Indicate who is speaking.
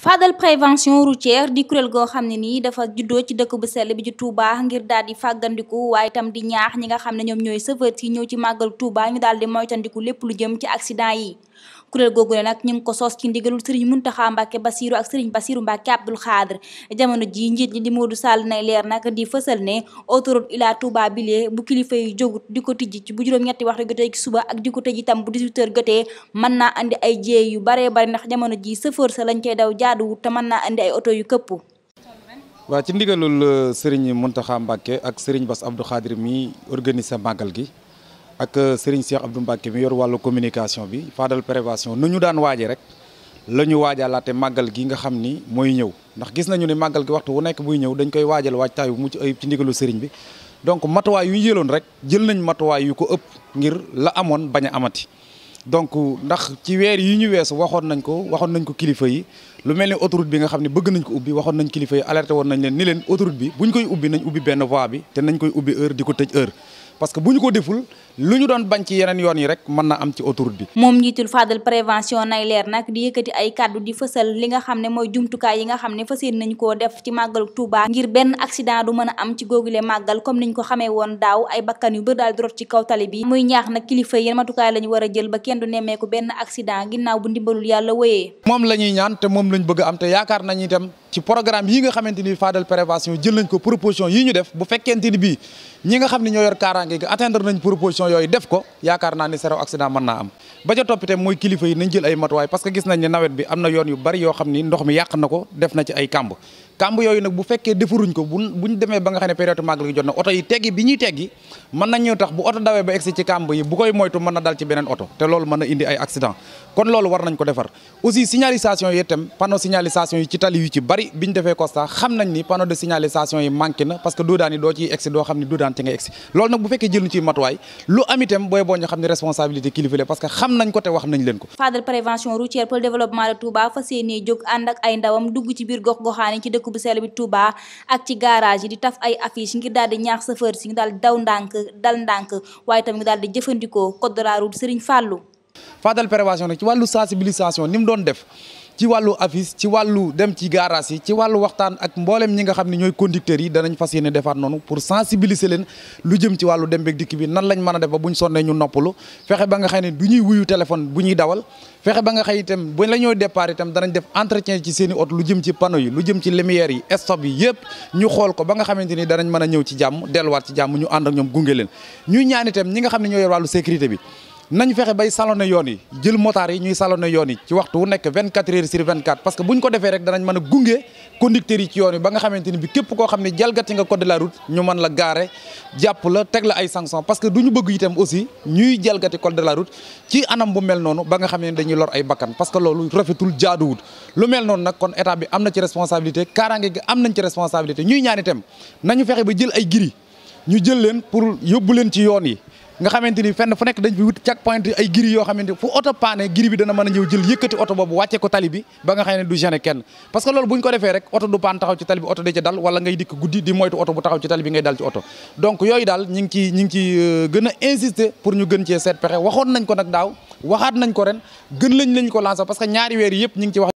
Speaker 1: Fadal prévention routière di kuréel goo xam ne nii dafa juddoo ci dëkk bu sell bi ci Touba ngir daal di fàggandiku waaye itam di ñaax ñi nga xam ne ñoom ñooy chauffeur yi ñëw ci màggal Touba ñu daal di moytandiku lépp lu jëm ci accident yi kuréel googu ne nag ñu ko sos ci ndigalul sëriñ Muntaxa Mbàkke Basiru ak sëriñ Basiru Mbàkke Abdul Xaadir jamono ji njiit ñi di Modou Sall nay leer nag di fësal ne autoroute Ila Touba bilee bu kilifa yi jógut di ko tijji ci bu juróom-ñetti waxtu jotee ci suba ak di ko tëj tam bu 18 heures jotee mën naa indi ay jéey yu baree bari ndax jamono ji sëfër sa lañ koy daw jaaduwut te mën naa andi ay oto yu këpp
Speaker 2: waaw ci ndigalul euh, sëriñ Muntaxa Mbàkke ak sëriñ Bass Abdou mi organiser màggal gi ak euh, Serigne Cheikh Abdou Mbacke bi yor wàllu communication bi Fadal Prévention nu ñu daan waaje rek la ñu waajalaate màggal gi nga xam ni mooy ñëw ndax gis nañu ne màggal gi waxtu wu nekk buy ñëw dañ koy waajal waajtaay bu mucc ayib ci ndigalu Serigne bi donc matuwaay yu ñu jëloon rek jël nañ matuwaay yu ko ëpp ngir la amoon bañ amati donc ndax ci weer yi ñu weesu waxoon nañ ko waxoon nañ ko kilifa yi lu mel ni autoroute bi nga xam ne bëgg nañ ko ubbi waxoon nañ kilifa yi alerté woon nañ ni leen autoroute bi buñ ubbi nañ ubbi benn voie bi te nañ koy di ko tëj heure parce que bu ñu ko deful lu ñu doon bañ ci yeneen yoon yi rek mën na am ci autoroute
Speaker 1: moom njiitul Fadel prévention nay leer nag di yëkkati ay kàddu di fësal li nga xam ne mooy jumtukaay yi nga xam ne fas yéene nañ koo def ci màggal Touba. ngir benn accident du mën a am ci googule màggal comme ni ñu ko xamee woon daaw ay bakkan yu bëri daal di rot ci kaw tali bi. muy ñaax na kilifa yi matukaay la ñu war a jël ba kenn du ko benn accident ginnaaw bu ndimbalul yàlla wëyee.
Speaker 2: moom la ñuy ñaan te moom lañ bëgg am yaakaar nañ itam ci programme yi nga xamante ni Fadel prévention jël nañ ko proposition yi ñu def bu fekkente ni bii ñi nga xam ne ñoo yor kaaraange gi atteindre nañ proposition yooyu def ko yaakaar naa ni zéro accident mën naa am ba ca toppite mooy kilifa yi nañ jël ay matuwaay parce que gis nañ ne nawet bi am na yoon yu bari yoo xam ni ndox mi yàq na ko def na ci ay kàmb kàmb yooyu nag bu fekkee defaruñ ko bu buñ demee ba nga xam période màggal gi jot na oto yi teggi bi ñuy teggi mën nañu tax bu oto dawee ba egsi ci kàmb yi bu koy moytu mën na dal ci beneen oto te loolu mën na indi ay accident kon loolu war nañ ko defar aussi signalisation yi itam panneau signalisation yi ci tali yu bari bi ñu defee constat xam nañ ni panneau de signalisation yi manqué parce que doo ciy egsi doo ci nga egsi xam ne responsabilité kilifa
Speaker 1: ci biir gox bu sell bi Touba ak ci garage yi di taf ay affiche ngir daal di ñaax chauffeur si ñu daal daw ndànk dal ndànk waaye tamit daal di jëfandikoo code de la route dal Fallou.
Speaker 2: Fadal ci wàllu sensibilisation ni mu doon def ci wàllu affiche ci wàllu dem ci garage yi ci wàllu waxtaan ak mboolem ñi nga xam ne ñooy conducteurs yi danañ fas yéene defaat noonu pour sensibiliser leen lu jëm ci wàllu dem beeg dikk bi nan lañ mën a def ba buñ sonnee ñu noppalu fexe ba nga xëy ne du ñuy wuyu téléphone bu ñuy dawal fexe ba nga xëy itam bu la ñooy départ itam danañ def entretien ci seeni i lu jëm ci panneau yi lu jëm ci lumière yi stop yi yëpp ñu xool ko ba nga xamante ni danañ mën a ñëw ci jàmm delluwaat ci jàmm ñu ànd ak gunge leen ñuy ñaan ñi nga xam ne ñoo yor sécurité bi nañu fexe bay salonné yoon yi jël motards yi ñuy salonné yoon yi ci waxtu wu nekk 24 heures sur 24 parce que bu ñu ko defee rek danañ mën a gunge conducteurs yi ci yoon yi ba nga xamante ni bi képp koo xam ne jalgati nga code de la route ñu mën la gaare jàpp la teg la ay sanctions parce que du ñu bëgg itam aussi ñuy jalgati code de ci anam bu mel noonu ba nga xam ne dañuy lor ay bakkan parce que loolu rafetul jaaduwut lu mel noonu nag kon état bi am na ci responsabilité kaaraange gi am nañ ci responsabilité ñuy ñaan itam nañu fexe ba jël ay giri ñu jël leen pour yóbbu leen ci yoon yi nga xamante ni fenn fu nekk dañ fi wut check point ay giri yoo xamante fu oto paane giri bi dana mën a ñëw jël yëkkati oto boobu wàcce ko tali ba nga xam ne du gêner kenn parce que loolu buñ ko defee rek oto du paan taxaw ci tali oto da ci dal wala ngay dikk guddi di moytu oto bu taxaw ci tali ngay dal ci oto donc yooyu daal ñi ci ñi ngi euh, a insister pour ñu gën cee seet pexe waxoon nañ ko nag daaw waxaat nañ ko ren gën lañ lañ ko lancer wax